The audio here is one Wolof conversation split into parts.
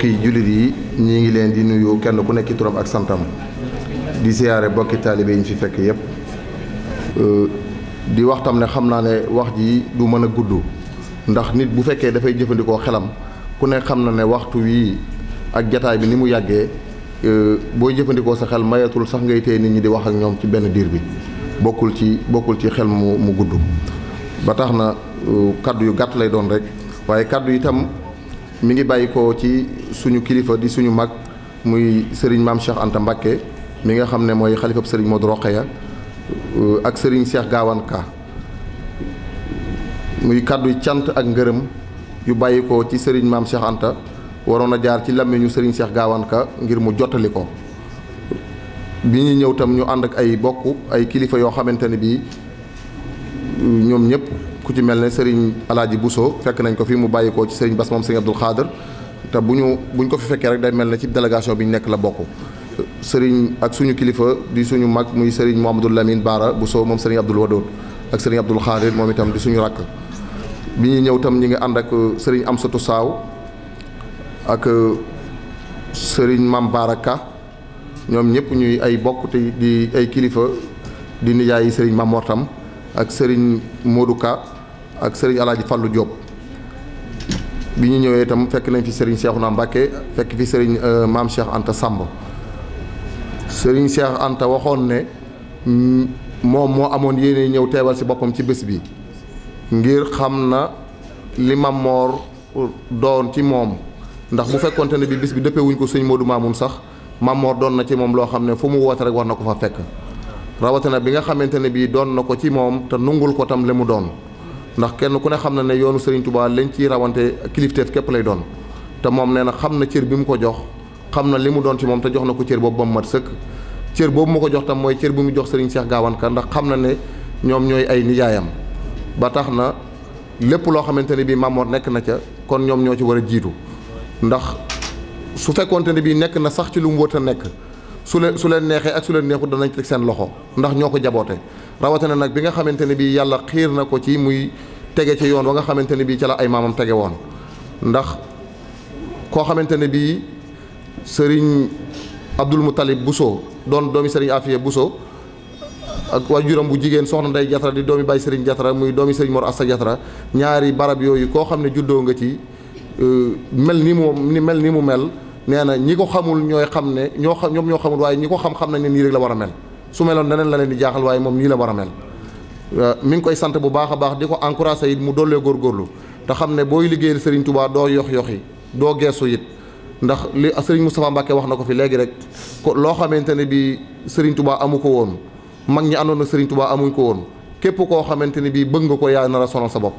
bokki jullit yi ñu ngi leen di nuyu kenn ku nekk ci turam ak santam di siyaare bokki taalibe yi ñu fi fekk yépp euh, di wax tam ne xam naa ne wax ji du mën a gudd ndax nit bu fekkee dafay jëfandikoo xelam ku ne xam na ne waxtu wii ak jataay bi ni mu yàggee euh, booy jëfandikoo sa xel mayatul sax ngay téye nit ñi di wax ak ñoom ci benn biir bi bokkul ci bokkul ci xel mu mu gudd ba tax na euh, kàddu yu gàtt lay doon rek waaye kàddu itam mi ngi bàyyi ko ci suñu kilifa di suñu mag muy sëriñ maam Cheikh Anta Mbakke mi nga xam ne mooy xalifab sëriñ Modou Rokhaya euh, ak sëriñ Cheikh Gawane Ka muy kàddu cant ak ngërëm yu bàyyi ko ci sëriñ maam Cheikh waroon a jaar ci làmmiñu sëriñ Cheikh Gawane Ka ngir mu jottali ko bi ñu ñëw tam ñu ànd ak ay bokk ay kilifa yoo xamante ne bii euh, ñoom ñëpp. ku ci mel ne sëriñ alaaji Bousso fekk nañ ko fi mu bàyyi ko ci sëriñ Bass moom sëriñ Abdul Xaadir te bu ñu buñ ko fi fekkee rek day mel ne ci délégation bi ñu nekk la bokk sëriñ ak suñu kilifa di suñu mag muy sëriñ Mouhamadou Lamine Baara Bousso moom sëriñ Abdul Wadoon ak sëriñ Abdul Xaadir moom itam di suñu rakk bi ñuy ñëw tam ñu ngi ànd ak euh, sëriñ Amsatu Saaw ak euh, sëriñ Mam Baara Ka ñoom ñëpp ñuy ay bokk te di ay kilifa di nijaay sëriñ Mam Mortam ak sëriñ Modou ak sëriñ alaaji Fallou Diop bi ñu ñëwee itam fekk nañ fi sëriñ Cheikhouna Mbacké fekk fi sëriñ euh, maam Cheikh Anta Samb sëriñ Cheikh Anta waxoon ne moom moo amoon yéene ñëw teewal ci boppam ci bés bi ngir xam na li Mam Mor doon ci moom ndax bu fekkonte ne bi bis bi dëppee wuñ ko sëñ Modou Mamoun sax Mam doon na ci moom loo xam ne fu mu woote rek war na ko fa fekk rawatina bi nga xamante ne bii doon na ko ci moom te nungul ko tam li mu doon ndax kenn ku ne xam na ne yoonu Serigne Touba lañ ciy rawante kilifteef képp lay doon te moom nee na xam na cër bi mu ko jox xam na li mu doon ci moom te jox na ko cër boobu ba mu mat sëkk boobu mu ko jox tam mooy cër bi mu jox Serigne Cheikh Gawane Ka ndax xam na ne ñoom ñooy ay nijaayam ba tax na lépp loo xamante ne bii maamoon nekk na ca kon ñoom ñoo ci war a jiitu ndax su fekkonte ne bii nekk na sax ci lu mu wër te nekk. su leen su leen neexee ak su leen neexul danañ teg seen loxo ndax ñoo ko jaboote rawatina nag bi nga xamante ne bii yàlla xiir na ko ci muy tege ci yoon wa nga xamante ne bii ci la ay maamam tege woon ndax koo xamante ne bii sëriñ Abdul Muttalib Bousso doon doomi sëriñ Afiya Bousso ak waa juróom bu jigéen soxna Ndey Jatra di doomi Baye Serigne Jatra muy doomi Serigne Mor sa Jatra ñaari barab yooyu koo xam ne juddoo nga ci euh, mel ni mu mel nii mu mel nee na ñi ko xamul ñooy xam ne ñoo xam ñoom ñoo xamul waaye ñi ko xam-xam nañ ne nii rek la war a mel su meloon neneen la leen di jaaxal waaye moom nii la war a mel euh, mi ngi koy sant bu baax a baax di ko encouragé it mu góor góorgóorlu te xam ne booy liggéeyal Serigne tubaa doo yox-yox yi doo geesu it ndax li Serigne Moustapha Mbacke wax na ko fi léegi rek ko loo xamante ne bi Serigne tubaa amu ko woon mag ñi àndoon na Serigne Touba amuñ ko woon képp koo xamante ne bii bëgg nga ko yaa nar a sa bopp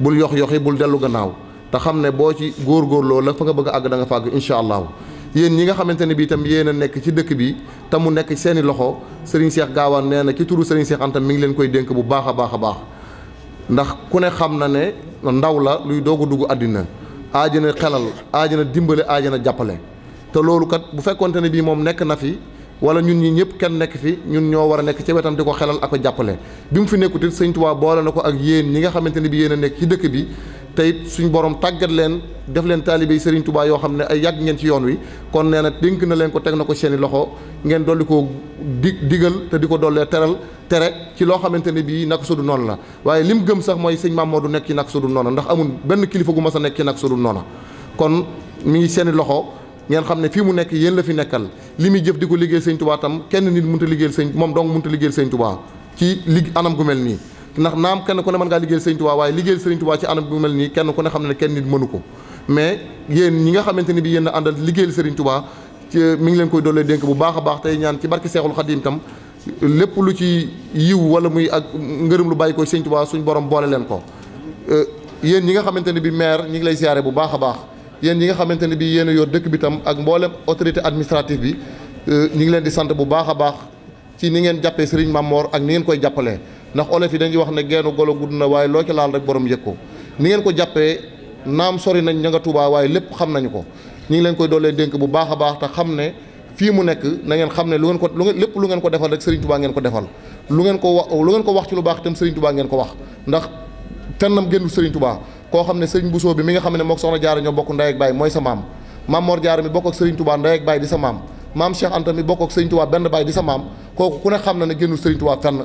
bul yox-yoxi bul dellu gannaaw te xam ne boo ci góorgóorloo la fa nga bëgg a àgg danga fa àgg incha allahu yéen ñi nga xamante ne bii tam yéen a nekk ci dëkk bi te mu nekk seeni loxo Serigne Cheikh Gaawaan nee na ci turu Serigne Cheikh Anta mi ngi leen koy dénk bu baax a baax a baax ndax ku ne xam na ne ndaw la luy doog a dugg àddina na xelal aajana dimbale aajana jàppale te loolu kat bu fekkonte ne bii moom nekk na fi wala ñun ñi ñëpp kenn nekk fi ñun ñoo war a nekk ci wetam di ko xelal ak jàppale bi mu fi nekkutit Sëñ Tuubaa boole na ko ak yéen ñi nga xamante ne bi yéen a nekk ci dëkk bi te it suñ borom tàggat leen def leen taalibe yi Serigne Touba yoo xam ne ay yàgg ngeen ci yoon wi kon nee na dénk na leen ko teg na ko seeni loxo ngeen dolli ko di digal te di ko dollee teral tere ci loo xamante ne bii naka sudu noonu la waaye lim gëm sax mooy sëñ Maam Moodu nekk ci naka sudu noona ndax amul benn kilifa gu mas a nekk ci naka sudu noona kon mi ngi seeni loxo ngeen xam ne fii mu nekk yéen la fi nekkal li muy jëf di ko liggéey sëñ Touba tam kenn nit mënut a liggéeyal sëñ moom dong mënut a liggéeyal sëñ Touba ci lig anam gu mel nii ndax naam kenn ku ne mën ngaa liggéeyal Sëriñ Tuubaa waaye liggéeyal Sëriñ Tuubaa ci anam bu mel nii kenn ku ne xam ne kenn nit mënu ko mais yéen ñi nga xamante ni bi yéen a àndal liggéeyal Sëriñ Tuubaa mi ngi leen koy doolee dénk bu baax baax tey ñaan ci barki Seexul Xadiim tam lépp lu ci yiw wala muy ak ngërëm lu bàyyi ko Sëriñ Tuubaa borom boole leen ko euh, yéen ñi nga xamante ne bi maire ñi ngi lay siyaare bu baax a yéen ñi nga xamante ne bi yéen a yor dëkk bi tam ak mboolem autorité administrative bi euh, ñi ngi leen di sant bu baax a baax ci ni ngeen jàppee Sëriñ Mamor ak ni ngeen koy jàppalee ndax olof yi dañuy wax ne geenu golo gudd na waaye loo ci laal rek borom yëg ko ni ngeen ko jàppee naam sori nañ ña nga waaye lépp xam nañu ko ñu ngi leen koy doolee dénk bu baax a baax te xam ne fii mu nekk na ngeen xam ne lu ngeen ko lu lépp lu ngeen ko defal rek Sëriñ Tuubaa ngeen ko defal lu ngeen ko wax lu ngeen ko wax ci lu baax itam Sëriñ Tuubaa ngeen ko wax ndax tennam génnul Sëriñ Tuubaa koo xam ne Sëriñ Bousso bi mi nga xam ne mook Soxna Jaara ñoo bokk ndey ak baay mooy sa maam maam Mor Jaara mi bokk ak Sëriñ Tuubaa bokk ak Sëriñ Tuubaa benn baay di sa maam kooku xam na ne génnul Sëriñ Tuubaa fenn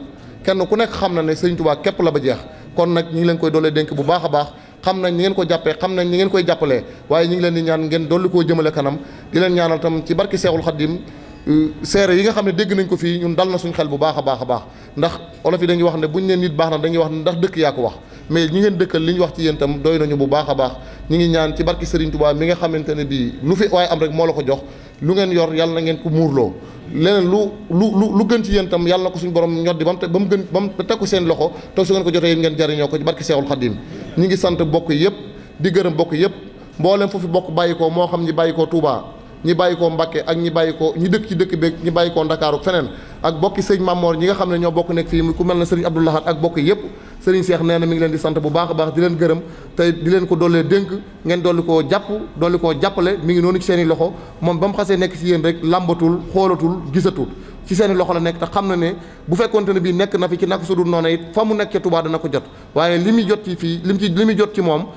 kenn ku nekk xam na ne sëriñ Tuubaa képp la ba jeex kon nag ñu leen koy doolee dénk bu baax a baax xam na ñi ngeen ko jàppee xam nañ ñi ngeen koy jàppale waaye ñu ngi leen di ñaan ngeen dolli koo jëmale kanam di leen tam ci barki Seexul Xaddim euh, yi nga xam ne dégg nañ ko fii ñun dal na suñ xel bu baax baax a baax ndax olof yi dañuy wax ne buñ ne nit baax na dañuy wax ne ndax ko wax mais ñi ngeen dëkkal li ñu wax ci yéen itam doy nañu bu baax a baax ñi ngi ñaan ci barki Serigne Touba mi nga xamante ne bii lu fi waaye am rek moo la ko jox lu ngeen yor yàlla na ngeen ko muurloo leneen lu lu lu lu gën ci yéen tam yàlla na ko suñu borom ñoddi ba mu ba mu gën ba mu teg ko seen loxo te su ngeen ko jotee ngeen jariñoo ko ci barki Seexul Xadiim ñi ngi sant bokk yi yëpp di gërëm bokk yëpp mboolem foofu bokk bàyyi ko moo xam ñi bàyyi ko Touba ñi bàyyi ko Mbakke ak ñi bàyyi ko ñi dëkk ci dëkk beeg ñi bàyyi ko Ndakaaru feneen ak bokki sëñ Mamor ñi nga xam ne ñoo bokk nekk fii ku mel na sëriñ Abdou Lahad ak bokk yëpp sëriñ Cheikh nee na mi ngi leen di sant bu baax a baax di leen gërëm te di leen ko doolee dénk ngeen dolli koo jàpp dolli koo jàppale mi ngi noonu ci seen i loxo moom ba mu xasee nekk ci yéen rek làmbatul xoolatul gisatu ci seen i loxo la nekk te xam na ne bu fekkonte ne bii nekk na fi ci nak sudul noonu it fa mu nekk ca Touba dana ko jot waaye li muy jot ci fii li mu ci li muy jot ci moom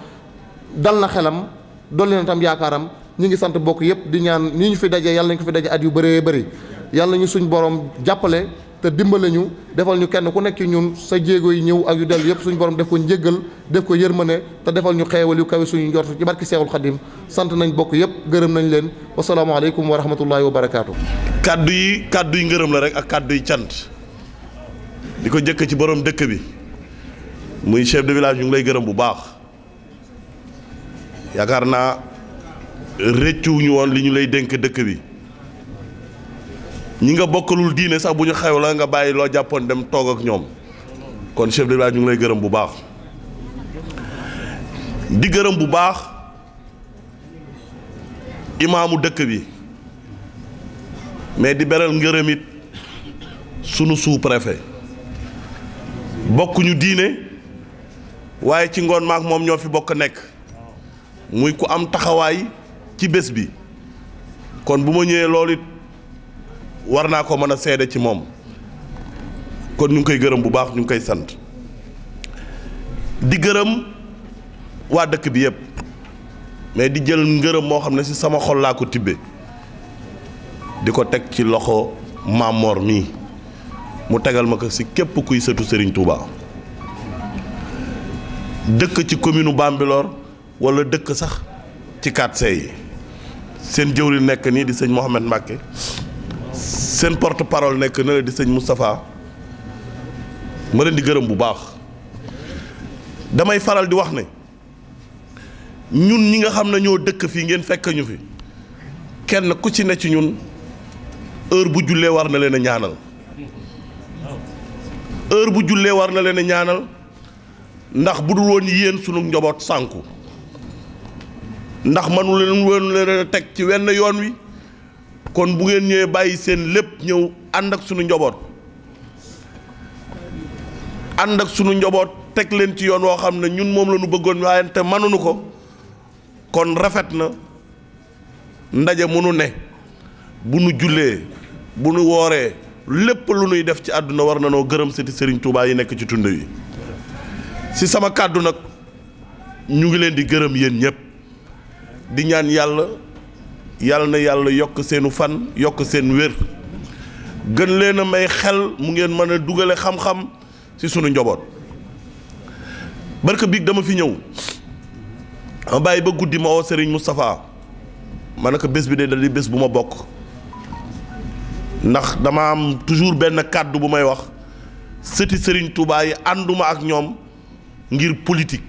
dal na xelam dolli na tam yaakaaram ñu ngi sant bokk yëpp di ñaan ñi ñu fi daje yàlla nañ ko fi daje at yu bëree bëri yàlla ñu suñ borom jàppale te dimbale ñu defal ñu kenn ku nekk ci ñun sa jéego yi ñëw ak yu dellu yëpp suñu borom def ko njéggal def ko yërmane te defal ñu xeewal yu kawe suñu njort ci barki Seexul Xadim sant nañ bokk yëpp gërëm nañ leen wasalaamaaleykum wa rahmatullahi wa barakaatu. kàddu yi kàddu yi ngërëm la rek ak kàddu yi cant di ko jëkk ci borom dëkk bi muy chef de village ñu lay gërëm bu baax yaakaar naa rëccuwuñu woon li ñu lay dénk dëkk bi. ñi nga bokkalul diine sax bu ñu xew la nga bàyyi loo jàppoon dem toog ak ñoom kon chef de village ñu ngi lay gërëm bu baax di gërëm bu baax imaamu dëkk bi mais di beral ngërëm it sunu sous-préfet bokkuñu diine waaye ci ngoon maak moom ñoo fi bokk nekk muy ku am taxawaay ci bés bi kon bu ma ñëwee loolu it war naa ko mën a seede ci moom kon ñu ngi koy gërëm bu baax ñu ngi koy sant di gërëm waa dëkk bi yëpp mais di jël ngërëm moo xam ne si sama xol laa ko tibbe di ko teg ci loxo Mamor mii mu tegal ma ko si képp kuy sëtu Serigne Touba dëkk ci commune Bambilor wala dëkk sax ci 4C yi seen jëwri nekk nii di sëñ Mouhamed Mbacké seen porte parole nekk na la di sëñ Moustapha ma leen di gërëm bu baax damay faral di wax ne ñun ñi nga xam ne ñoo dëkk fii ngeen fekk ñu fi kenn ku ci ne ci ñun heure bu jullee war na leen ñaanal heure bu jullee war na leen ñaanal ndax bu dul woon yéen sunu njaboot sànku ndax manu leen woon leen teg ci wenn yoon wi kon bu ngeen ñëwee bàyyi seen lépp ñëw ànd ak sunu njaboot ànd ak sunu njaboot teg leen ci yoon woo xam ne ñun moom la ñu bëggoon waaye te ko kon rafet na ndaje mënu ne bu nu jullee bu nu wooree lépp lu nuy def ci àdduna war nanoo noo gërëm sëti sëriñ Touba yi nekk ci tund yi si sama kàddu nag ñu ngi leen di gërëm yéen ñëpp di ñaan yàlla. yàlla na yàlla yokk seenu fan yokk seen wér gën leen a may xel mu ngeen mën a dugale xam-xam ci sunu njaboot barke biig dama fi ñëw ma bàyyi ba guddi ma woo Serigne Moustapha ma ne ko bés bi de da bés bu ma bokk ndax dama am toujours benn kàddu bu may wax sëti Serigne Touba yi ànduma ak ñoom ngir politique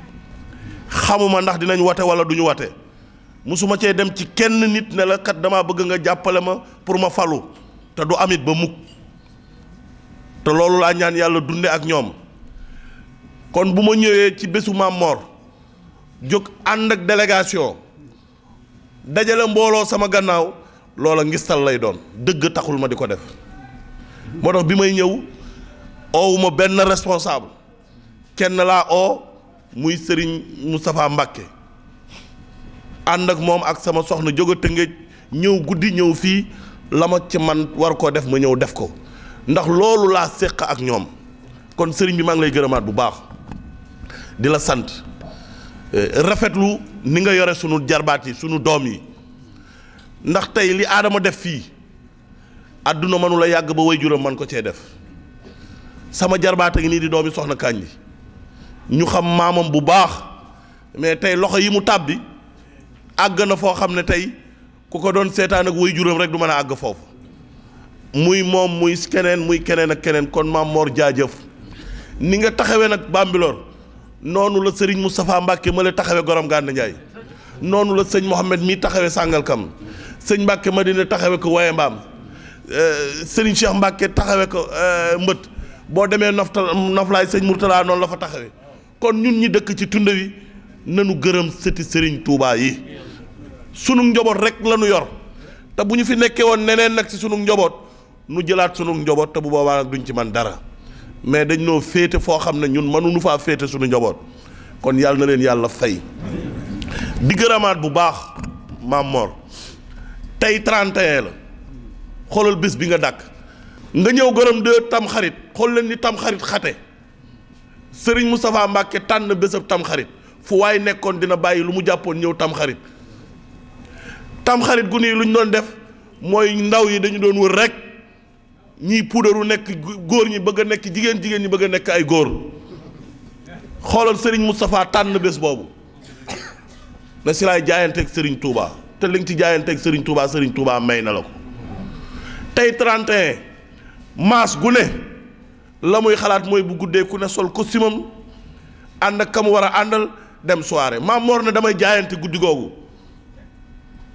xamuma ndax dinañ wate wala duñu wate musuma cee dem ci kenn nit ne la kat damaa bëgg nga jàppale ma pour ma falu te du amit ba mukk te loolu laa ñaan yàlla dunde ak ñoom kon bu ma ñëwee ci bésu Maam jóg ànd ak délégation dajale mbooloo sama gannaaw loola ngistal lay doon dëgg taxul ma di ko def moo tax bi may ñëw oowuma benn responsable kenn laa oo muy Serigne Moustapha Mbacké ànd ak moom ak sama soxna jóg a tëngéej ñëw guddi ñëw fii la ma ci man war koo def ma ñëw def ko ndax loolu laa séq ak ñoom kon sëriñ bi maa lay gërëmaat bu baax di la sant eh, rafetlu ni nga yore sunu jarbaat yi sunu doom yi ndax tey li aadama def fii àdduna mënu la yàgg ba way juróom man ko cee def sama jarbaat a ngi nii di doomi soxna Kandji ñu xam maamam bu baax mais tey loxo yi mu tàbbi àgg na foo xam ne tey ku ko doon seetaan ak way juróom rek du mën a àgg foofu muy moom muy keneen muy keneen ak keneen kon maam Mor jaajëf ni nga taxawee nag Bambilor noonu la Serigne Moustapha Mbacke ma la taxawee Gorom Gànn Njaay noonu la sëñ Mouhamed mii taxawee Sàngalkam sëñ Mbacke Madina taxawee ko Waye Mbaam euh, sëriñ Cheikh Mbacke taxawe ko euh, Mbët boo demee naftal naflaay sëñ Mourtala noonu la fa taxawee kon ñun ñi dëkk ci tund wi gërëm sëti Serigne Touba yi. sunu njaboot rek la nu yor te bu ñu fi nekkee woon neneen nag si sunu njaboot nu jëlaat sunu njoboot te bu boobaa nag duñ ci man dara mais dañ noo féete foo xam ne ñun mënuñu faa féete sunu njaboot kon yàlla na leen yàlla fay di gërëmaat bu baax maam tey 31 la xoolal bés bi nga dàkk nga ñëw gërëm de tamxarit xarit xool leen ni tamxarit xate sëriñ mu Moustapha Mbacke tànn bésab tam xarit fu waaye nekkoon dina bàyyi lu mu jàppoon ñëw tamxarit tamxarit gu nii lu ñu doon def mooy ndaw yi dañu doon wër rek ñiy puudaru nekk góor ñi bëgg a nekk jigéen jigéen ñi bëgg a nekk ay góor xoolal Serigne Moustapha tànn bés boobu na si laay jaayanteeg Serigne Touba te li nga ci jaayanteeg Serigne Touba Serigne Touba may na la ko tey 31 mars gu ne la muy xalaat mooy bu guddee ku ne sol ko simam ànd ak ka mu war a àndal dem soirée maam Mor ne damay jaayante guddi googu.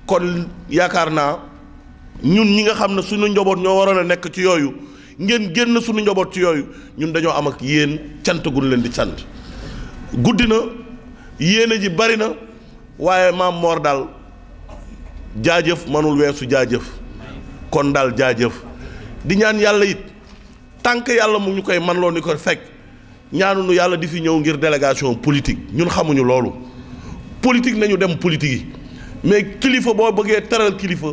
kon yaakaar naa ñun ñi nga xam ne suñu njaboot ñoo waroon a nekk ci yooyu ngeen génn suñu njaboot ci yooyu ñun dañoo am ak yéen cantagul leen di sant guddi na yéene ji bari na waaye maam Mor daal jaajëf manul weesu jaajëf kon daal jaajëf di ñaan yàlla it tànk yàlla mu ñu koy man loo ni ko fekk ñaanunu yàlla di fi ñëw ngir délégation politique ñun xamuñu loolu politique nañu dem politique yi mais kilifa boo bëggee teral kilifa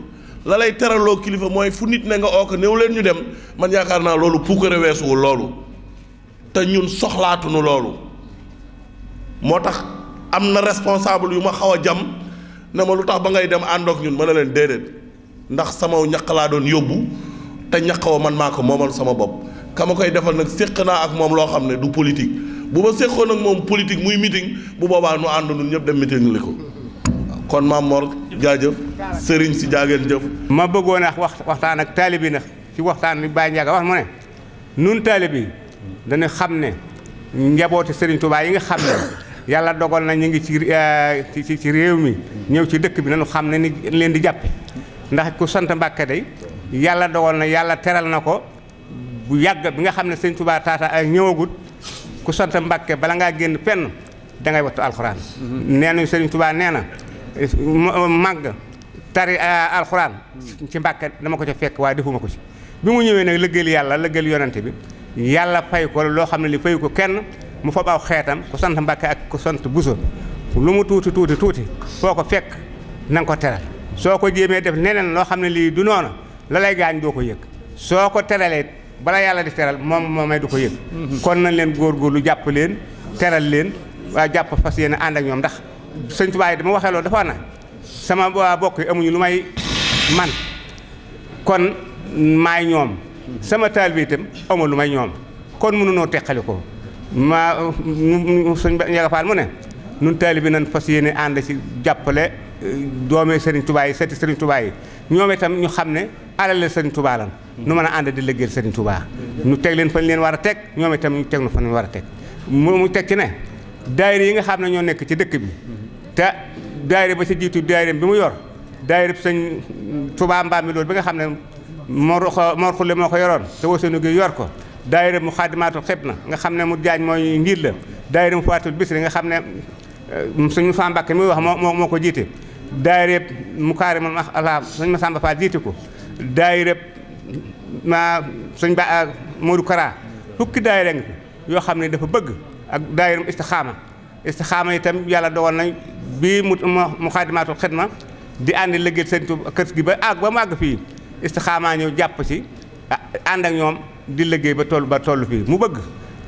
la lay teraloo kilifa mooy fu nit ne nga ok néew leen ñu dem man yaakaar naa loolu puukare weesuwu loolu te ñun soxlaatunu loolu moo tax am na responsable yu ma xaw a jàmm ne ma lu tax ba ngay dem àndoog ñun ma ne leen déedéet ndax sama ñaq laa doon yóbbu te ñaq wa man maa ko moomal sama bopp kama koy defal nag séq naa ak moom loo xam ne du politique bu ma séqoon nag moom politique muy mitin bu boobaa nu ànd ñun ñëpp dem meeting li ko kon maam Mor jaajëf sëriñ si jaageen jëf. ma bëggoon a wax waxtaan ak taalibe yi nag ci waxtaan bi Baye Ndiaga wax mu ne nun taalibe yi dañu xam ne njabooti sëriñ Touba yi nga xam ne yàlla dogal na ñu ngi ci eh, ci ci réew mi ñëw ci dëkk bi nañu xam ne ni leen di jàpp ndax ku sant Mbàkke day yàlla dogal na yàlla teral na ko bu yàgg bi nga xam ne sëriñ Touba taata ay ñëwagut ku sant Mbàkke bala ngaa génn fenn dangay ngay wattu alxuraan. Mm-hmm. nee nañu sëriñ Touba nee na. màgg tari alxuraan ci mbàkke dama ko ca fekk waaye defuma ko ci bi mu ñëwee nag lëggéeyal yàlla lëggéeyal yonante bi yàlla fay ko loo xam ne lii fayu ko kenn mu fab aw xeetam ku sant mbàkke ak ku sant buso lu mu tuuti tuuti tuuti foo ko fekk na ko teral soo ko jéemee def neneen loo xam ne lii du noonu la lay gaañ doo ko yëg soo ko teralee bala yàlla di teral moom moo moomay du ko yëg mhm. kon nañ leen góor góorgóorlu jàpp leen teral leen waa jàpp fas yéene ànd ndax sëñ Tuubaa dama waxee loolu dafa na sama waa bokk yi amuñu lu may man kon maay ñoom sama taalibe itam amu lu may ñoom kon mënunoo teqali ko maa sëñ Ndiaga Fall mu ne nun taalibe nan fas yéene ànd si jàppale eh, doomee sëriñ Tuubaa yi seeti sëriñ tubaay yi ñoom itam ñu xam ne alal la sëriñ Tuubaa nu mën a ànd di liggéeyal sëriñ tubaa ñu teg leen fañ leen war a teg ñoom itam ñu teg nu fan ñu war a teg mu mu teg ci ne daayira yi nga xam ne ñoo nekk ci dëkk bi te daayira ba sa jiitu daayira bi mu yor daayira sëñ Tuubaa Mbaam loolu bi nga xam ne Mor Mor Xulle moo ko yoroon te wasanu gi yor ko daayira mu xaadimaatul xib na nga xam ne mu jaañ mooy njiit la daayira mu faatul bis nga xam ne eh, suñ fa Mbàkke muy wax moo moo ko jiite daayira mu kaari moom ala suñ ma Samba Fall jiite ko daayira ma suñ ba Modou yoo xam ne dafa bëgg ak daayira mu istixaama istixaama itam yàlla dogal nañ bii mu mu xaadimaatul xidma di ànd liggéey sëntu Tuubaa kër gi ba àgg ba mu àgg fii istixaamaa ñëw jàpp ci ah, ànd ak ñoom di liggéey ba toll ba toll fii mu bëgg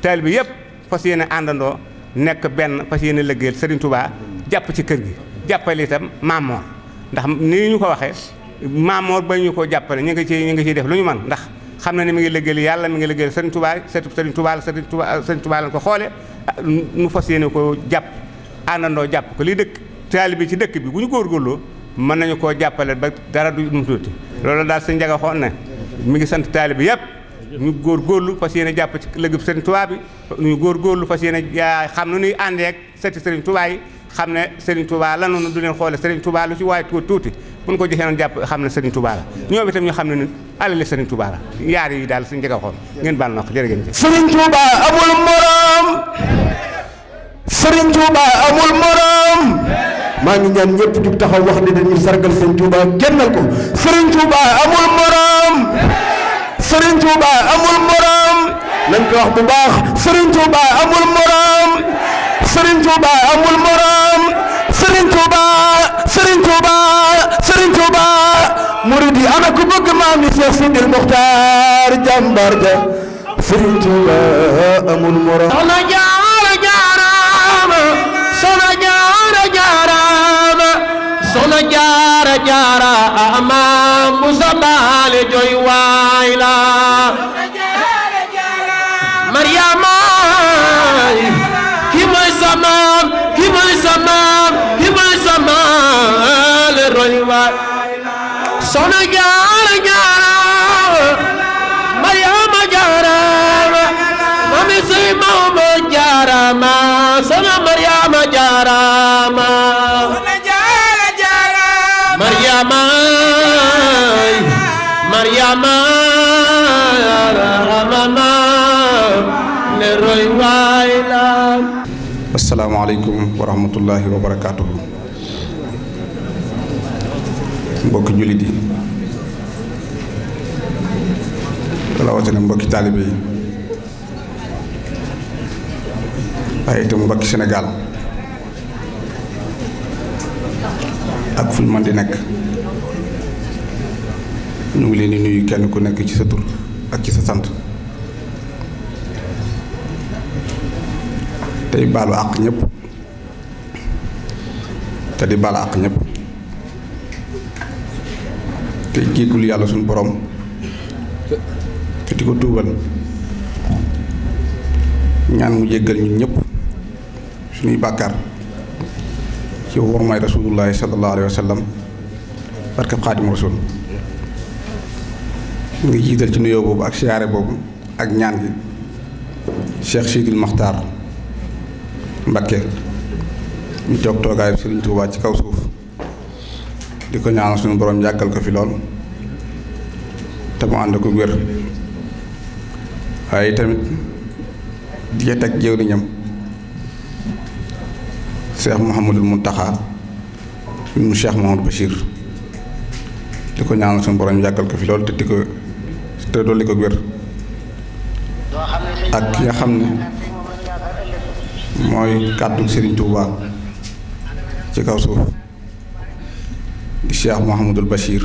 taal bi yëpp fas yéene àndandoo nekk benn fas yéene liggéeyal Sëriñ Tuubaa jàpp ci kër gi jàppale yitam maamoor ndax nii ñu ko waxee maamoor ba ñu ko jàppale ñu ngi ci ñu ngi ci def lu ñu mën ndax xam na ne mi ngi liggéeyal yàlla mi ngi liggéeyal Sëriñ Tuubaa sëriñ Tuubaa la Sëriñ Tuubaa la ko xoole nu fas yéene ko jàpp àndandoo jàpp ko li dëkk taalibe ci dëkk bi bu ñu góorgóorloo mën nañu koo jàppale ba dara du ñu tuuti loolu daal sëñ Njaga xoon ne mu ngi sant taalibe yépp ñu góor góorgóorlu fas yéene jàpp ci lëgub sëriñ Tuubaa bi ñu góorgóorlu fas yéene xam nu ñuy àndee ak sëti sëriñ Tuubaa yi xam ne sëriñ Tuubaa la noonu du leen xoole sëriñ Tuubaa lu ci waaye tuuti ñu ko joxee noonu xam ne sëriñ Tuubaa la ñoom itam ñu xam ne alali sëriñ Touba a xool ngeen baal na ko jërë ngeen jëf. sëriñ amul morom sëriñ Touba amul morom maa ngi ñaan ñëpp jug taxaw wax ne dañuy sargal sëriñ Touba génnal ko ko wax bu amul morom sëriñ Touba amul morom sëriñ Touba sëriñ Touba. ana ku bëgg maam yi Cheikh Sidil Muxtaar jàmbar ja Sëriñ Tuuba amul moroom soxna jaara soxna jaara jaara mariama jaara mami sey mawma jaara ma soxna mariama jaara ma mariama mariama ramama le roy waay la assalaamu aleykum wa rahmatullahi wa barakaatuhu mbokki jullit yi rawatina mbokki taalibe yi waaye itam mbokki Sénégal ak fu man di nekk ñu ngi leen di nuyu kenn ku nekk ci sa tur ak ci sa sant tey baalu àq ñëpp te di baal àq ñépp te jéggul yàlla suñu borom te di ko tuubal ñaan mu jéggal ñun ñëpp suñuy bàkkaar ci wormaay rasulullahi sallallahu alayhi wa sallam barkab xaadimu mu ngi jiital ci nuyoo boobu ak siyaare boobu ak ñaan gi Cheikh Sidil Maxtaar Mbakke ñu toog toogaayu Sëriñ Tuubaa ci kaw suuf di ko ñaanal suñu borom yàggal ko fi lool te mu ànd ko wér waaye tamit di ca teg jëwriñam Cheikh Mouhamadul Mountakha mu Cheikh Mouhamadou Bachir di ko ñaanal suñu borom yàggal ko fi loolu te di ko te dolli ko wér ak ki nga xam ne mooy kàddu Serigne Touba ci kaw suuf di Cheikh Mouhamadul Bachir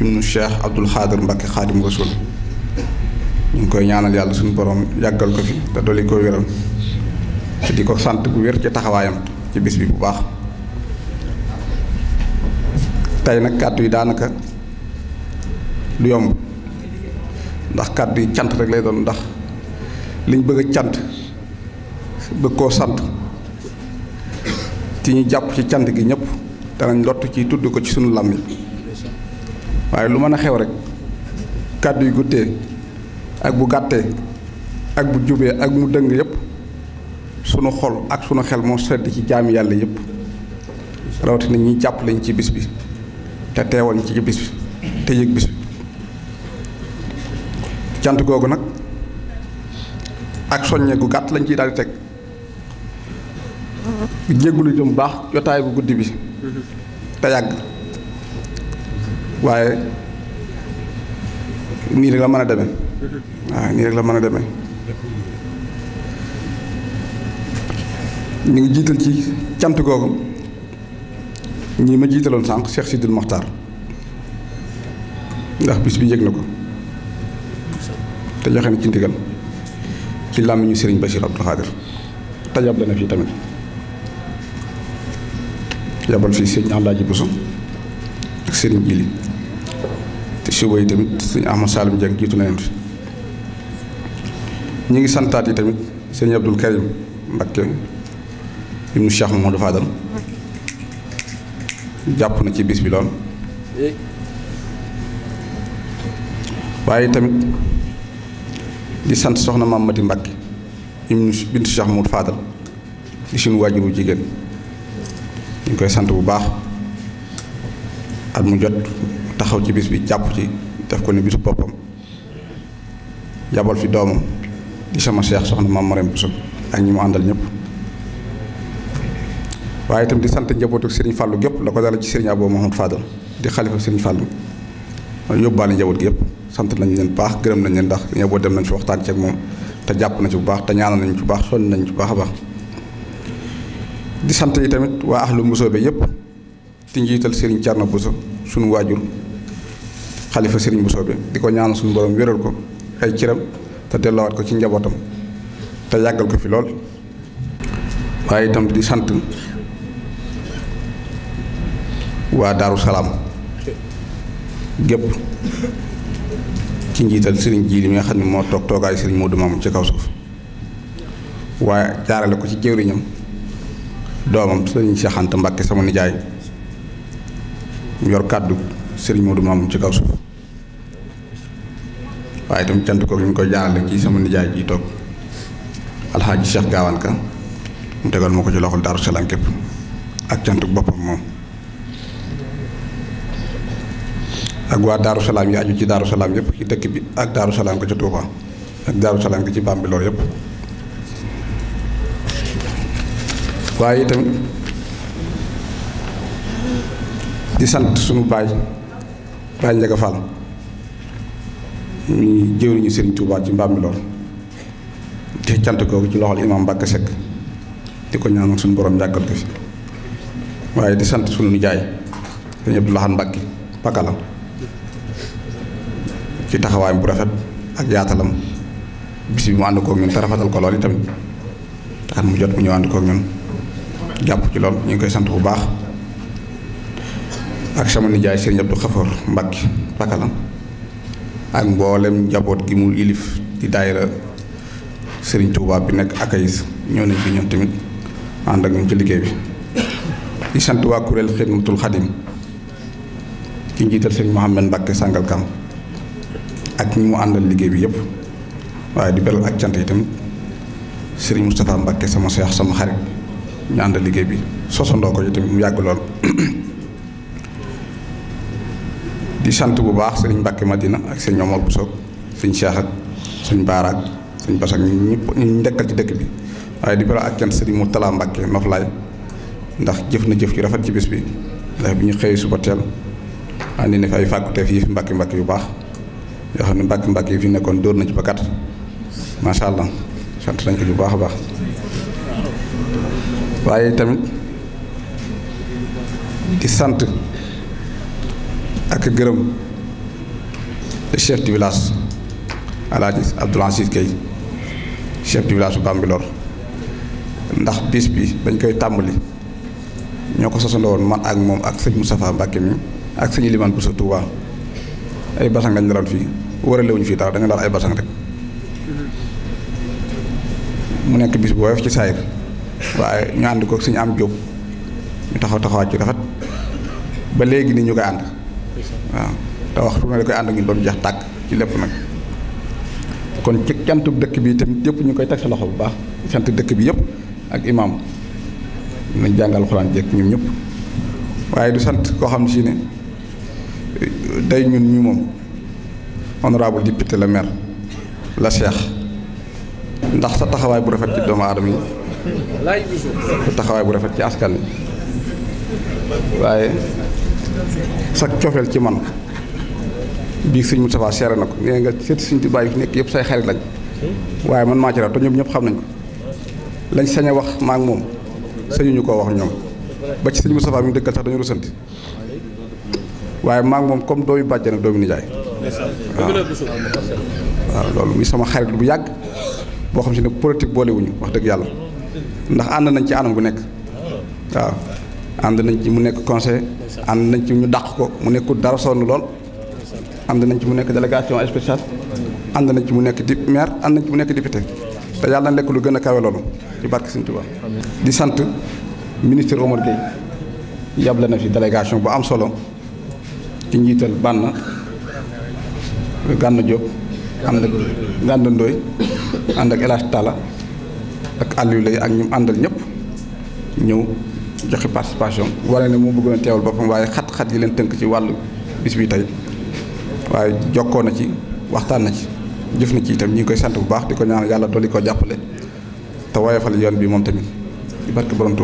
ibnu Cheikh Abdoul Khadir Mbacké Khadim Rasoul ñu koy ñaanal yàlla suñu borom yàggal ko fi te dolli ko wéral te di ko sant bu wér ci taxawaayam ci bis bi bu baax tey nag kàddu yi daanaka lu yomb ndax kàddu yi cant rek lay doon ndax liñ bëgg a cant bëgg koo sant ti ñu jàpp ci cant gi ñëpp danañ lott ci tudd ko ci sunu làmmiñ waaye lu mën a xew rek kàddu yi guddee ak bu gàttee ak bu jubee ak mu dëng yépp sunu xol ak sunu xel moo sedd ci jaami yàlla yépp rawatina ñi jàpp lañ ci bis bi te teewal ñu ci bis bi te yëg bis bi cant googu nag ak soññe gu gàtt lañ ciy daal di teg jéggulu jëm baax jotaay bu guddi bi te yàgg waaye nii rek la mën a demee waaw nii rek la mën a demee ñu ngi jiital ci cant googu ñii ma jiitaloon sànq Cheikh Sidil Mokhtar ndax bis bi yëg na ko te joxe na ci ndigal ci làmmiñu Serigne Bachir Abdou Khadir tajab la na fii tamit yabal fii sëñ Alaaji Bousso ak Serigne Jili te suba yi tamit sëñ Ahmad Salim Dieng jiitu na leen fi ñu ngi santaat yi tamit sëñ Abdul Karim Mbakke ibnu Cheikh Mamadou Fadal jàpp na ci bis bi doon waaye tamit di sant soxna maam Mati Mbakke ibnu bintu Cheikh Mamadou Fadal di suñu waajuru jigéen ñu koy sant bu baax at mu jot taxaw ci bis bi jàpp ci def ko ni bisu boppam jàppal fi doomam di sama seex soxna ma Marème Bousso ak ñi mu àndal ñëpp waaye itam di sant njabootu sëriñ fàllu gépp la ko dala ci sëriñ Abou Mahmoud Fadal di xalifa sëriñ Fallou yóbbaale njaboot gi yëpp sant nañ leen baax gërëm nañ leen ndax njaboot dem nañ fi waxtaan ci moom te jàpp na bu baax te ñaanal nañ bu baax sonn nañ bu baax a baax sant yi tamit waa ahlu Mbusoobe yëpp di njiital sëriñ na Bousso suñu waajur xalifa sëriñ Mbusoobe di ko ñaanal suñu borom wéral ko ay ciram te delloowaat ko ci njabootam te yàggal ko fi lool waaye itam di sant waa Daaru Salaam gépp ci njiital Serigne Jili yi nga xam ne moo toog toogaay Serigne Modou Mamoune ci kaw suuf waaye jaarale ko ci jëwriñam doomam Serigne Cheikh Anta Mbacke sama nijaay yor kàddu Serigne Modou Mamoune ci kaw suuf. waaye itam cant ko ñu ngi koy jaarale ci sama nijaay ji toog alxaaji Cheikh Gaawaan Ka mu tegal ma ko ci loxol Daaru Salaam képp ak cantuk boppam moom ak waa Daaru Salaam yi aju ci Daaru Salaam yépp ci dëkk bi ak Daaru Salaam ko ca Touba ak Daaru Salaam ko ci Bambilor yëpp waaye itam di sant sunu baay baay Njaga Fall mi jëwriñu Serigne Touba ci lool te cant googu ci loxol imaam Mbacke Seck di ko ñaanal suñu boroom yàggal ko fi waaye di sant suñu nijaay Serigne Abdou Lahad Mbacke Pakala ci taxawaayam bu rafet ak yaatalam bis bi mu ànd koog ñun te rafetal ko lool itamit taxat mu jot mu ñëw ànd koog ñun jàpp ci lool ñu ngi koy sant bu baax ak sama nijaay Serigne Abdou Khafour Mbacke Pakala. ak mboolem njaboot gi mu ilif di daayira Serigne Touba bi nekk akayis ñëw nañ fi ñoom tamit ànd ak ñun ci liggéey bi di sant waa kuréel xidmatul xadim ci njiital sëñ liggéey bi yëpp waaye di beral ak sëriñ Moustapha Mbacke sama seex sama xarit ñu àndal liggéey bi sosandoo ko yi tamit mu yàgg lool di sant bu baax sëriñ Mbàkke Madina ak sëñ Omar Bousso sëñ Cheikh ak sëñ Baara suñ sëñ Bass ak ñun ñu ndekkal ci dëkk bi waaye di bara ak cant sëriñ Moutala Mbàkke Noflaay ndax jëf na jëf ci rafet ci bis bi ndax bi ñu xëyee suba teel andi na fi ay fàkkuteef fi mbàkki mbàkki yu baax yoo xam ne mbàkki mbàkki yi fi nekkoon dóor na ci ba gàtt macha allah sant nañ ko bu baax a baax waaye tamit di sant. ak gërëm le chef du village alaaji Abdoul Aziz Gueye chef du village Bambilor ndax biis bi dañ koy tàmbali ñoo ko sosandoo woon man ak moom ak sëñ Moustapha Mbacke mi ak sëñ Limane Bousso Touba ay basang lañ daloon fii wërale wuñ fii dara da nga ay basang rek mu nekk bis bu woyof ci saayir waaye ñu ànd ko suñu am jóg ñu taxaw taxawaat ci rafet ba léegi nii ñu koy ànd waaw te waxtu ne da koy ànd ak ñun ba jeex tàkk ci lépp nag kon ci cantu dëkk bi tamit yëpp ñu koy teg sa loxo bu baax sant dëkk bi yëpp ak imaam nañ jàngal xuraan jekk ñun ñëpp waaye du sant koo xam si ne day ñun ñu moom honorable la maire la cheikh ndax sa taxawaay bu rafet ci doomu aadama yi sa taxawaay bu rafet ci askan wi waaye sax cofeel ci man bii sëñ Moustapha seere na ko nee nga seet suñ Tuubaa yi fi nekk yëpp say xarit lañ waaye man maa ci raw te ñëpp xam nañ ko lañ sañ a wax maa moom sañuñu koo wax ñoom ba ci sëñ Moustapha mi dëkkal sax dañu rusanti waaye maa ak moom comme doomi bàjjan ak doomi nijaay waaw loolu muy sama xarit bu yàgg boo xam si ne politique boolewuñu wax dëgg yàlla ndax ànd nañ ci anam bu nekk waaw ànd nañ ci mu nekk conseil ànd nañ ci ñu dàq ko mu nekkul dara sonn lool ànd nañ ci mu nekk délégation spéciale ànd nañ ci mu nekk di maire ànd nañ ci mu nekk député te yàlla na lekk lu gën a kawe loolu ci barke Sëñ Tuubaa di sant ministre Omar Gueye yàble na fi délégation bu am solo ci njiital bànn gànn Diop ànd ak gànn Ndoy ànd ak El Hadj Talla ak Aliou Lay ak ñum àndal ñëpp ñëw joxe participation wala ne moo bëggoon a waaye xat-xat yi leen tënk ci wàll bis bi tey waaye jokkoon na ci waxtaan na ci jëf na ci itam ñi ngi koy sant bu baax di ko ñaan yàlla dolli ko jàppale te woyofal yoon bi moom tamit ci barke borom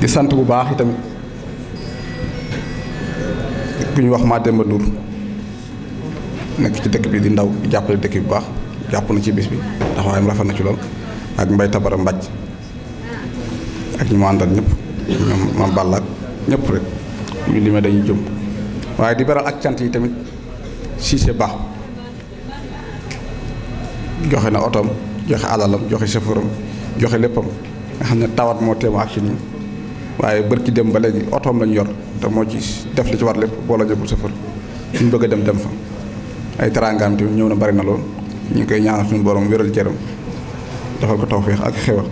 di sant bu baax itam ku ñu wax Mademba Ndour nekk ci dëkk bi di ndaw jàppale dëkk bu baax jàpp na ci bis bi ndax taxawaayam rafet na ci lool ak mbay tabara mbàcc ak ñu mu àndal ñëpp ñoom ma bàll ak ñëpp rek ñu limee dañuy jëm waaye di beral ak cant yi tamit Cissé Ba joxe na otoom joxe alalam joxe chauffeuram joxe léppam nga xam ne tawat moo teemu ak si nii waaye bërki dem ba léegi otoom lañu yor te moo ci def la ci war lépp boo la jëbul chauffeur suñu bëgg a dem dem fa ay teraangaam tamit ñëw na bari na lool ñu ngi koy ñaanal suñu borom wéral jëram defal ko tawféex ak xewal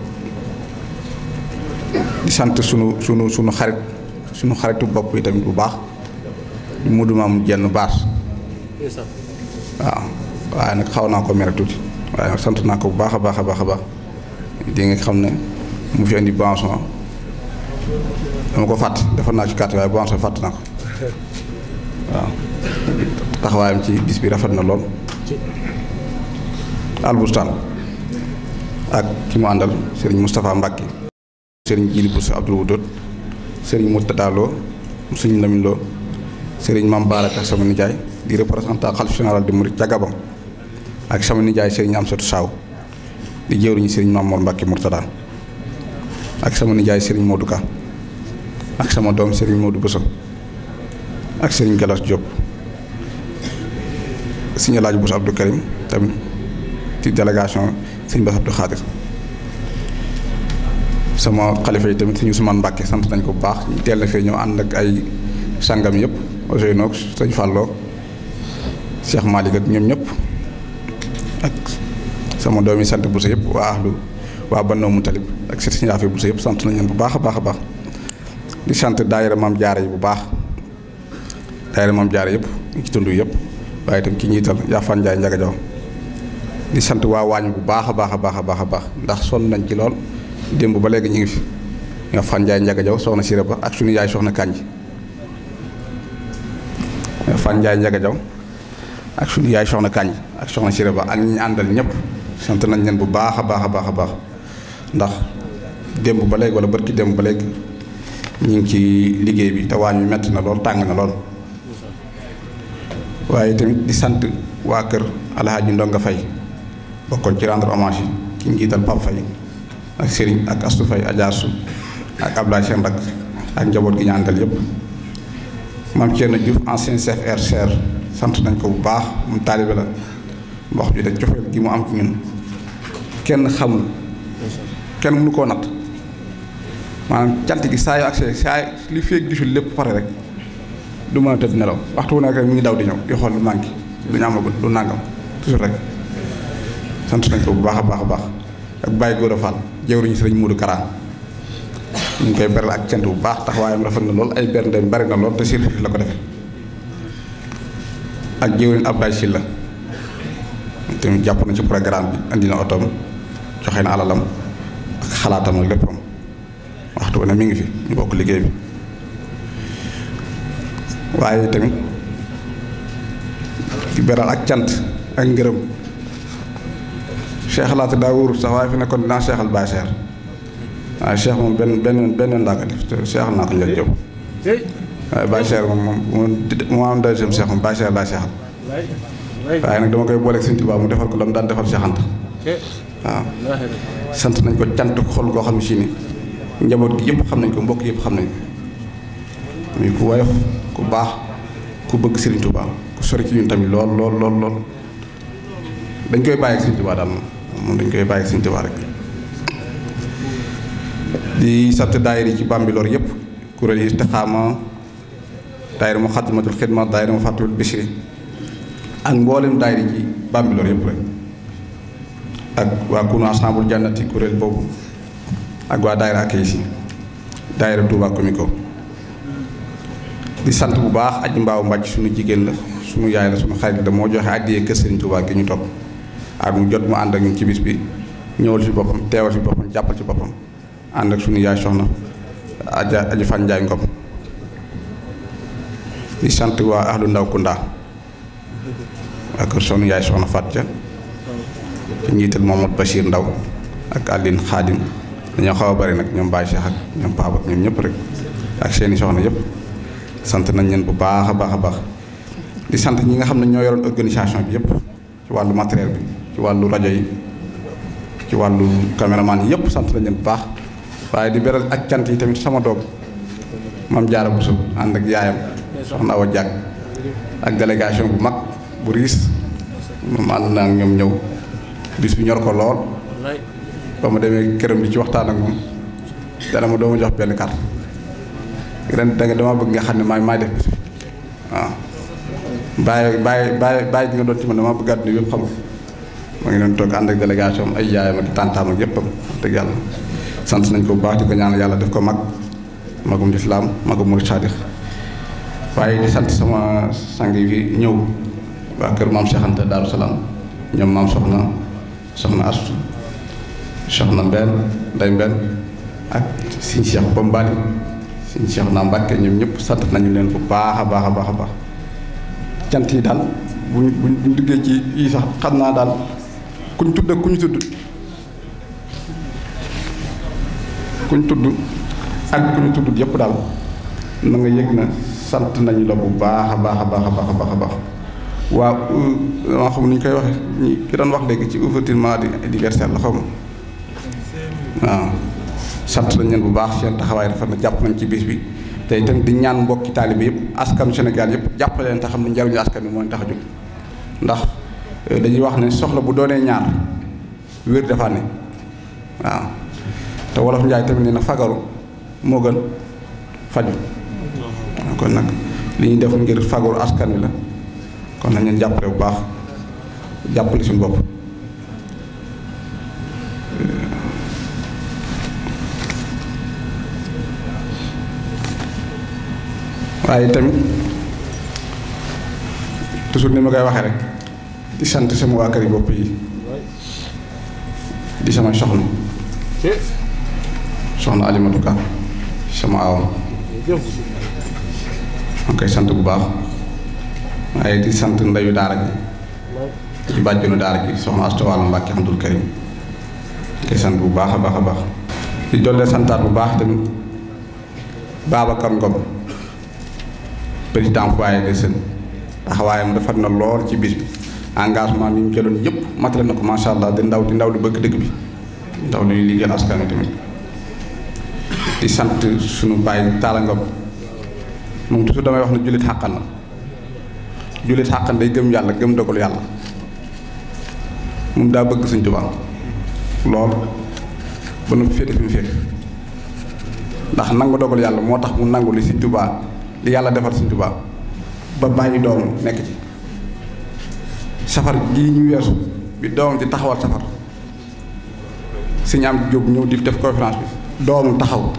di sant sunu sunu sunu xarit sunu xaritu bopp yi tamit bu baax di Modou Mamoune Dieng Baas waaw waaye nag xaw naa ko mere tuuti waaye sant naa ko bu baax a baax a baax a baax di nga xam ne mu fi indi boisson dama ko fàtt defar naa ci kàtt waaye boisson fàtt naa ko waaw taxawaayam ci bis bi rafet na lool albustaan ak ki mu àndal Serigne Moustapha yi sëriñ Jili Bousso Abdoul Wadoud sëriñ Moutada Lo sëriñ Lamine Lo sëriñ Mame Baraka sama nijaay di représentant xalif général de Mouride ca Gabon ak sama nijaay sëriñ Amsatou Saw di jëwriñu sëriñ Mame Mor Mbacke Mourtada ak sama nijaay sëriñ Modou ak sama doom sëriñ Modou Bousso ak sëriñ Galas Diop sëriñ Alaaji Bousso Abdou Karim tamit ci délégation sëriñ Bass Abdou Khadir sama xalifa yi tamit sëñ Ousmane Mbacke sant nañ ko bu baax teel na fee ñëw ànd ay sangam yëpp Ousseynou ak sëñ Fallou ñoom ñëpp ak sama doom yi sant bu sa yëpp waa ahlu waa Bannoo mu talib ak sëñ Afé bu sa yëpp sant nañ leen bu baax a baax a baax di sant daayira maam jaare yi bu baax daayira maam jaare yëpp ci tund yëpp waaye itam ci njiital Yaafaan Njaay Njaga Jaw di sant waa waañ bu baax a baax a baax a baax a baax ndax sonn nañ ci lool démb ba léegi ñu ngi fi ñoo fan Njaay Njaga Jaw soxna Sira Ba ak suñu yaay soxna Kànj fan Njaay Njaga Jaw ak suñu yaay soxna Sira Ba ak ñi àndal ñëpp sant nañ leen bu baax a baax a baax a baax ndax démb ba léegi wala barki ba léegi ñu ngi ci liggéey bi te waañ wi metti na lool tàng na lool waaye tamit di sant waa kër alxaaji Ndonga Fay bokkoon ci rendre hommage yi ci njiital Pape Faye ak Serigne ak astufay ajaar Ajaarsu ak Abdoulaye Cheikh Ndak ak njaboot gi ñu àndal yëpp maam Thierno Diouf ancien chef RCR sant nañ ko bu baax mu taalibe la wax ju de cofeel gi mu am ci ñun kenn xamul kenn mënu koo natt maanaam cant gi saa yu accès saa li feeg gisul lépp pare rek du mën a tëdd nelaw waxtu wu nekk rek mu ngi daw di ñëw di xool lu manqué lu ñu amagul lu nàngam toujours rek sant nañ ko bu baax a baax a baax ak Baye Gora Fall jëwriñu sëriñ Modou Kara ñu ngi koy beral ak cant bu baax tax taxawaayam rafet na lool ay berndeem bari na lool te si la ko defe ak jëwriñ Abdoulaye Sylla te jàpp na ci programme bi andi na otoom joxe na alalam ak xalaatam ak léppam waxtu wu ne mi ngi fi ñu bokk liggéey bi waaye tamit beral ak cant ak ngërëm cheikh daa wóorut sax waaye fi ne kon dinaa cheikhal Baay Cheikh waaye cheikh moom benn benn benn laa ko def te cheikhal naa ko njëkk jëm waaye Baay Cheikh moom moom moo am deuxième cheikh moom Baay Cheikh laa cheikhal waaye nag dama koy booleeg Sëñ mu defal ko la mu daan defal Cheikh Anta sant nañ ko cant xol koo xam ne si ni njaboot gi yëpp xam nañ ko mbokk yëpp xam nañ ko muy ku woyof ku baax ku bëgg Sëriñ Tuubaa ku sori ci ñun tamit lool lool lool dañ koy bàyyi ak Sëriñ Tuubaa daal moom dañ koy bàyyi Sëñ Tuubaa rek di sant daayira yi ci Bambilor yëpp kuréel yi Istikhama daayira mu Xadimatul Xidma daayira mu Fatul Bichri ak mboolem daayira yi ci Bambilor yëpp rek ak waa Kunu Ensemble Jannati kuréel boobu ak waa daayira ak yi daayira Touba Comico di sant bu baax aji mbaaw mbàcc suñu jigéen la suñu yaay la suñu xarit la moo joxe àddiyee kër Sëriñ Tuubaa gi ñu topp ak mu jot mu ànd ak ñun ci bis bi ñëwal si boppam teewal si boppam jàppal si boppam ànd ak suñu yaay soxna aja aji fan ngom di sant waa ahlu ndaw kunda ak sunu yaay soxna fat ja ci njiital Mamadou Bachir Ndaw ak Aline Khadim dañoo xaw a bari nag ñoom Baye Cheikh ñoom Pape ñoom ñëpp rek ak seeni soxna yëpp sant nañ leen bu baax a baax a baax di sant ñi nga xam ne ñoo yoroon organisation bi yëpp ci wàllu matériel bi ci wàllu rajo yi ci wàllu caméraman yëpp sant nañ bu baax waaye di beral ak cant yi tamit sama doom Mame Diarra Bousso ànd ak yaayam soxna Awa Diak ak délégation bu mag bu riis moom ànd naa ñoom ñëw bis su ñor ko lool ba ma demee këram di ci waxtaan ak moom dana ma doomu jox benn carte ren da dama bëgg nga xam ne maay maay def bis bi waaw bàyyi bàyyi bàyyi bàyyi gi nga doon ci dama bëgg àdduna yëpp xam ma ngi doon toog ànd ak am ay yaayam ak tàntaam ak yëpp dëgg yàlla sant nañ ko bu baax di ko ñaan yàlla def ko mag magum lislaam magum mu saadix waaye di sant sama sang yi ñëw waa kër maam Cheikh Daaru Salaam ñoom maam soxna soxna Astu soxna Mbenn Ndey Mbenn ak siñ Cheikh Bambali siñ Cheikh naa Mbàkke ñoom ñëpp sant nañu leen bu baax a baax a baax a baax cant yi daal buñ buñ duggee ci yi sax xam naa daal kuñ tudd ak kuñ tudd kuñ tudd ak kuñ tudd yépp daal na nga yëg na sant nañu la bu baax a baax a baax a baax a baax a baax waaw euh, ma xam ni ñu koy waxe ñi ki doon wax léegi ci ouverture maladie universelle la xaw ma waaw sant nañ leen bu baax seen taxawaay dafa na jàpp nañ ci bis bi te itam di ñaan mbokki taalibe yëpp askanu Sénégal yëpp jàpp leen te xam ne njariñu askan bi moo tax a ndax dañuy wax ne soxla bu doonee ñaar wér dafa ne waaw te wolof njaay tamit nee na fagaru moo gën faju kon nag li ñuy deful ngir fagaru askan wi la kon nañ leen jàppale bu baax jàppale suñ bopp waaye tamit toujours ni ma koy waxee rek di sant sama waa kër yi bopp yi di samay soxna soxna Alimatu Ka sama aawam ma koy sant bu baax waaye di sant ndeyu daara ji di bàjjunu daara ji soxna Astu Wàlla Mbàkke Abdul Karim sant bu baax a baax a baax di dollee santaat bu baax tamit Babacar Ngom président foyer des jeunes taxawaayam dafa na lool ci bis bi engagement mi ñu jëloon yëpp matale na ko macha allah di ndaw di ndaw lu bëgg dëgg bi ndaw luy liggéey askan wi tamit di sant sunu bàyyi Talla Ngom moom toujours damay wax ne jullit xàqan la jullit xàqan day gëm yàlla gëm dogalu yàlla moom daa bëgg Sëñ Tuubaa lool ba nu féete fi mu féete ndax nangu dogalu yàlla moo tax mu nangu li Sëñ Tuubaa li yàlla defal Sëñ Tuubaa ba bàyyi doomu nekk ci safar gi ñu weesu bi doomam di taxawal safar sëñ am jóg ñëw di def conférence bi doomu taxaw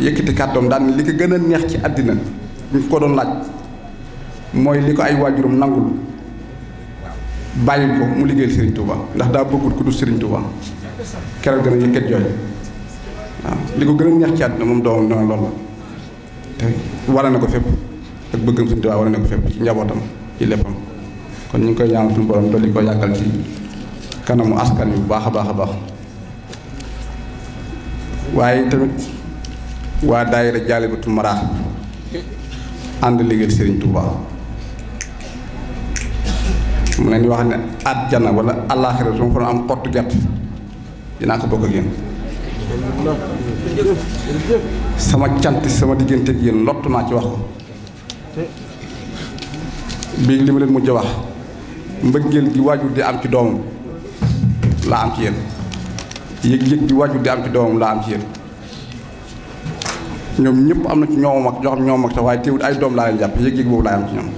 yëkkati kàddoom daan li ko gën a neex ci àddina ñu ko doon laaj mooy li ko ay waajuram nangul bàyyi ko mu liggéeyal Serigne Touba ndax daa bëggul ku dul Serigne Touba keroog gën a yëkkat jooy li ko gën a neex ci àddina moom doomam dana lool te wane na ko fépp ak bëggam Serigne Touba wane na ko fépp ci njabootam ci léppam kon ñu ngi koy ñaanal suñu borom dolli ko yàkkal ci kanamu askan yu baax a baax a baax waaye tamit waa daayira Jaalibatul Maraax ànd liggéey Serigne Touba mu ne ñu wax ne jana wala àllaaxira su ma ko am xottu gerte dinaa ko bokk ak yéen sama cant sama diggante ak yéen lottu naa ci wax ko bii li ma leen mujj wax. mbëggeel gi waajur di am ci doomam laa am ci yéen yëg-yëg gi waajur di am ci doomam laa am ci yéen ñoom ñëpp am na ci ñoom mag ñoom mag sax waaye teewul ay doom laa leen jàpp yëg-yëg boobu laa am ci ñoom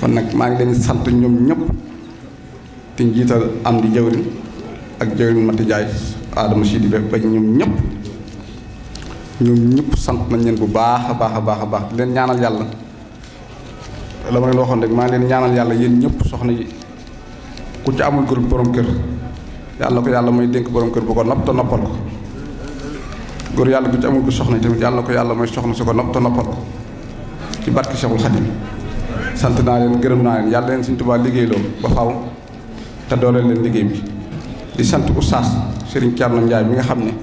kon nag maa ngi leen sant ñoom ñëpp te njiital am di jawrin ak jawrin Mati Jaay Adama Sidi ba ba ñoom ñëpp ñoom ñëpp sant nañ leen bu baax a baax a baax a baax leen ñaanal yàlla la ma leen waxoon rek maa ngi leen ñaanal yàlla yéen ñëpp soxna yi ku ci amul groupe borom kër yàlla ko yàlla may dénk borom kër bu ko nopp te noppal ko góor yàlla bu ci amul ko soxna tamit yàlla ko yàlla may soxna su ko nopp te noppal ko ci barke Cheikhul Khadim sant naa leen gërëm naa leen yàlla leen Sëriñ Tuubaa liggéey loolu ba faaw te dooleel leen liggéey bi di sant saas oustaz Serigne na Ndiaye mi nga xam ne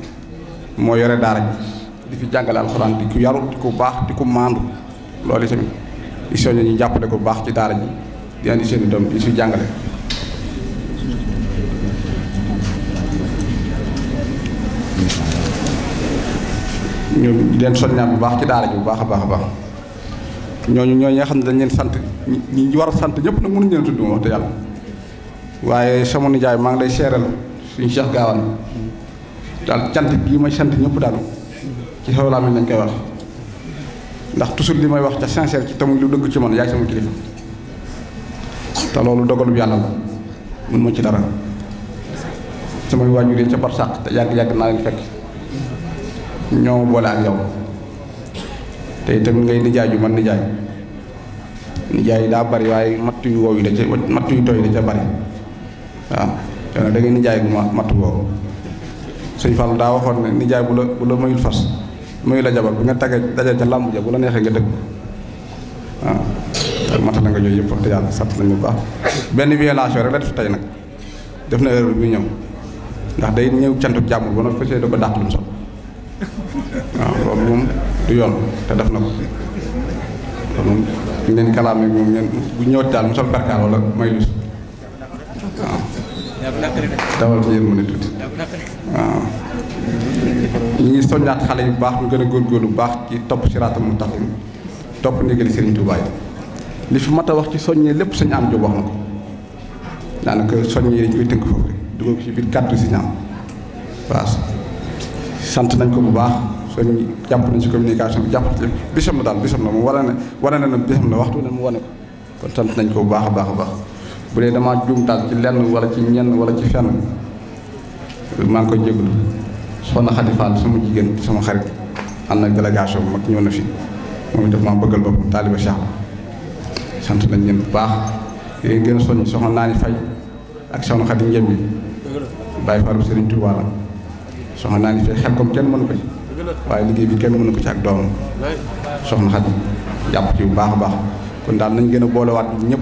moo yore daara ji di fi jàngale alxuraan di ku yaru baax di ku maandu loolu tamit di soññu ñu jàppale ko bu baax ci daara ji di andi seen i doom di si jàngale. ñoom di leen soññaat bu baax ci daara bu baax a baax a baax ñooñu ñooñu nga xam ne dañ leen sant ñi ñu war a sant ñëpp nag mënuñu leen tudd moom te yàlla waaye sama nijaay maa ngi lay seeral suñu Cheikh Gaawaan daal cant gii may sant ñëpp daal ci xew laa mi nañ koy wax. ndax toujours li may wax te sincère ci tamuy lu dëgg ci man yaay sama kilifa te loolu dogalub yàlla la mun ma ci dara samay waajur yi ca barsàq te yàgg-yàgg naa leen fekk ñoo boole ak yow te itam ngay nijaay ju man nijaay nijaay daa bari waaye matt yu wow yi da ca yu tooy ca bari da ngay nijaay ak matt woowu sëñ Fall daa waxoon ne nijaay bu la bu la mayul fas muy la jabar bi nga tage daje ca làmb ja bu la neexee nga dëgg waaw matal nga yooyu yëpp wax dëgg yàlla sant nañu bu baax benn violation rek la def tey nag def na erreur bi ñëw ndax day ñëw cantu jàmbur ba nag fësee da ba dàq lu mu sol waaw loolu moom du yoon te def na ko loolu moom ngeen kalaame moom ngeen bu ñëwati daal mu sol perkaal wala may lus waaw dawal ci yéen mu ne tuuti waaw ñu ngi soññaat xale yu baax ñu gën a góor bu baax ci topp siraatal mustaqim topp ndigali Serigne du yi li fi mat a wax ci soññee lépp sañ am jóg wax na daanaka soññee dañ koy tënk foofu ci biir kàddu si ñaam waaw sant nañ ko bu baax soññ jàpp nañ si communication bi jàpp nañ bisam na daal bisam na mu wane na wane na ne bisam na waxtu ne mu wane ko sant nañ ko bu baax a baax a baax bu dee damaa juumtaat ci lenn wala ci ñenn wala ci fenn maa ngi koy jégalu. soxna Xadi Fall sama jigéen sama xarit ànd ak délégation bu mag ñëw na fi moom itam maa bëggal boppam taaliba Cheikh la sant nañ leen bu baax yéen ngeen soññ soxna naa ni fay ak soxna Xadi Njëm bi bàyyi Fall bu Sëriñ Tuubaa la soxna naa ni fay xel comme kenn mënu ko ci waaye liggéey bi kenn mënu ko ci ak doomam soxna Xadi jàpp ci bu baax a baax kon daal nañ gën a boolewaat ñëpp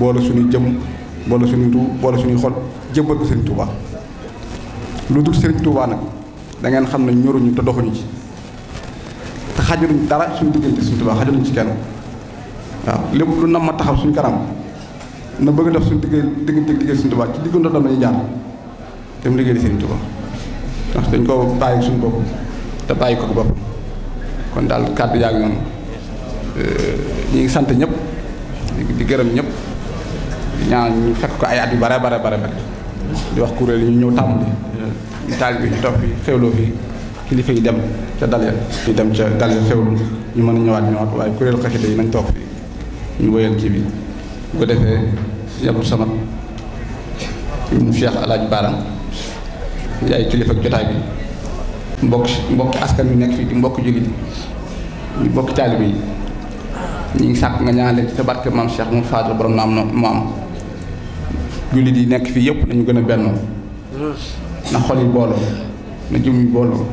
boole suñu jëm boole suñuy ru boole suñuy xol jébbal ko Sëriñ Tuubaa lu dul Sëriñ Tuubaa nag da ngeen xam ne ñoruñu te doxuñu ci te xajaluñ dara suñu diggante suñu Tuubaa xajaluñ ci kenn waaw lépp lu nam ma taxaw suñu kanam na bëgg def suñu digg diggante liggéey suñu Tuubaa ci diggante doom lañuy jaar te mu liggéey di ndax dañ ko bàyyi suñu bopp te bàyyi ko bopp kon daal kàddu yàgg ngi noonu euh, ngi sant ñëpp di gërëm ñëpp ñaan ñu fekk ko ay at yu bare bare bare bare di wax kurél yi ñu ñëw tàmbali taal bi ñu toog fi xewloo fi kilifa yi dem ca dalya di dem ca dalya xewlu ñu mën a ñëwaat ñëwaat waaye kuréel xasida yi nañ toog fi ñu wéyal ci bi bu ko defee yabul sama ibnu Cheikh Alaaji Baaram yaay kilifa ak jotaay bi mbokk askan wi nekk fii di mbokk jullit yi mbokk taalibe yi ñu ngi sàkk nga ñaan leen ci sa barke maam Cheikh mu Faadal borom maam maam jullit yi nekk fii yëpp nañu gën a bennoo na xol yi booloo na jëm yi booloo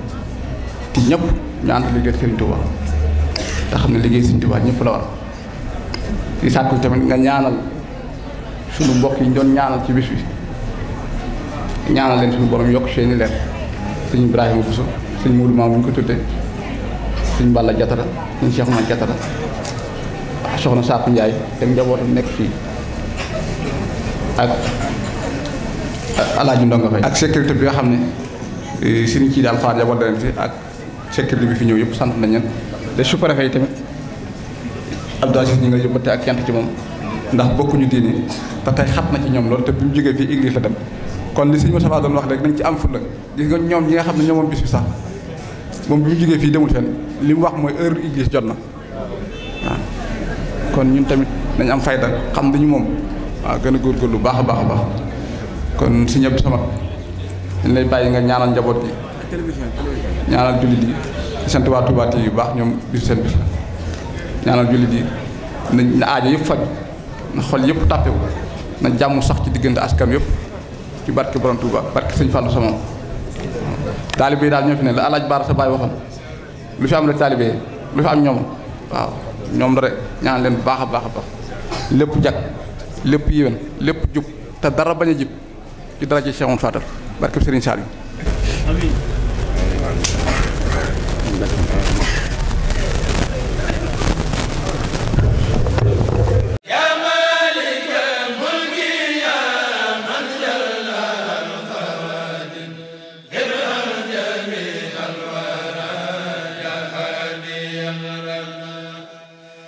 te ñëpp ñu ànd liggéey Serigne Touba te xam ne liggéey Serigne Touba ñëpp la war di sàkku tamit nga ñaanal suñu mbokk yi ñu doon ñaanal ci bis bi ñaanal leen suñu borom yokk seeni leer suñu Ibrahima Bousso Serigne Moudou Mamoun bu ñu ko tuddee Serigne Balla Diatara Serigne Cheikh Oumar Diatara soxna Sakku njaay te njabootam nekk fii ak Alaaji Ndongo Faye ak sécurité bi nga xam ne eh, suñu kii daal xaar yabal leen fi ak sécurité bi fi ñëw yëpp sant na leen te sous-préfet yi tamit Abdou Aziz ñu nga lay yóbbante ak cant ci moom ndax bokkuñu diine te tey xat na ci ñoom loolu te bi mu jógee fii église la dem kon li sëñ Moustapha doon wax rek nañ ci am fulla gis nga ñoom ñi nga xam ne ñoom moom bis bi sax moom bi mu jógee fii demul fenn li mu wax mooy heure église jot na kon ñun tamit dañ am fayda xam dañu moom waaw gën a góorgóorlu baax a baax a baax kon sëñ Abdou Samad dañ lay bàyyi nga ñaanal njaboot bi ñaanal jullit yi di sant waa Touba yu baax ñoom bisu seen bis la ñaanal jullit yi nañ na aajo yëpp faj na xol yëpp tàppewu na jàmm sax ci diggante askan yëpp ci barke borom Touba barke sëñ Fallou Sama taalibe yi daal ñoo fi ne la alaaj baara sa baay lu fi am rek taalibe lu fi am ñoom waaw ñoom ñaan leen bu baax a baax a baax lépp jag lépp yéwén lépp jub te dara bañ a jib ci daraje Cheikh Oumar Fadal barkeb Serigne Saliou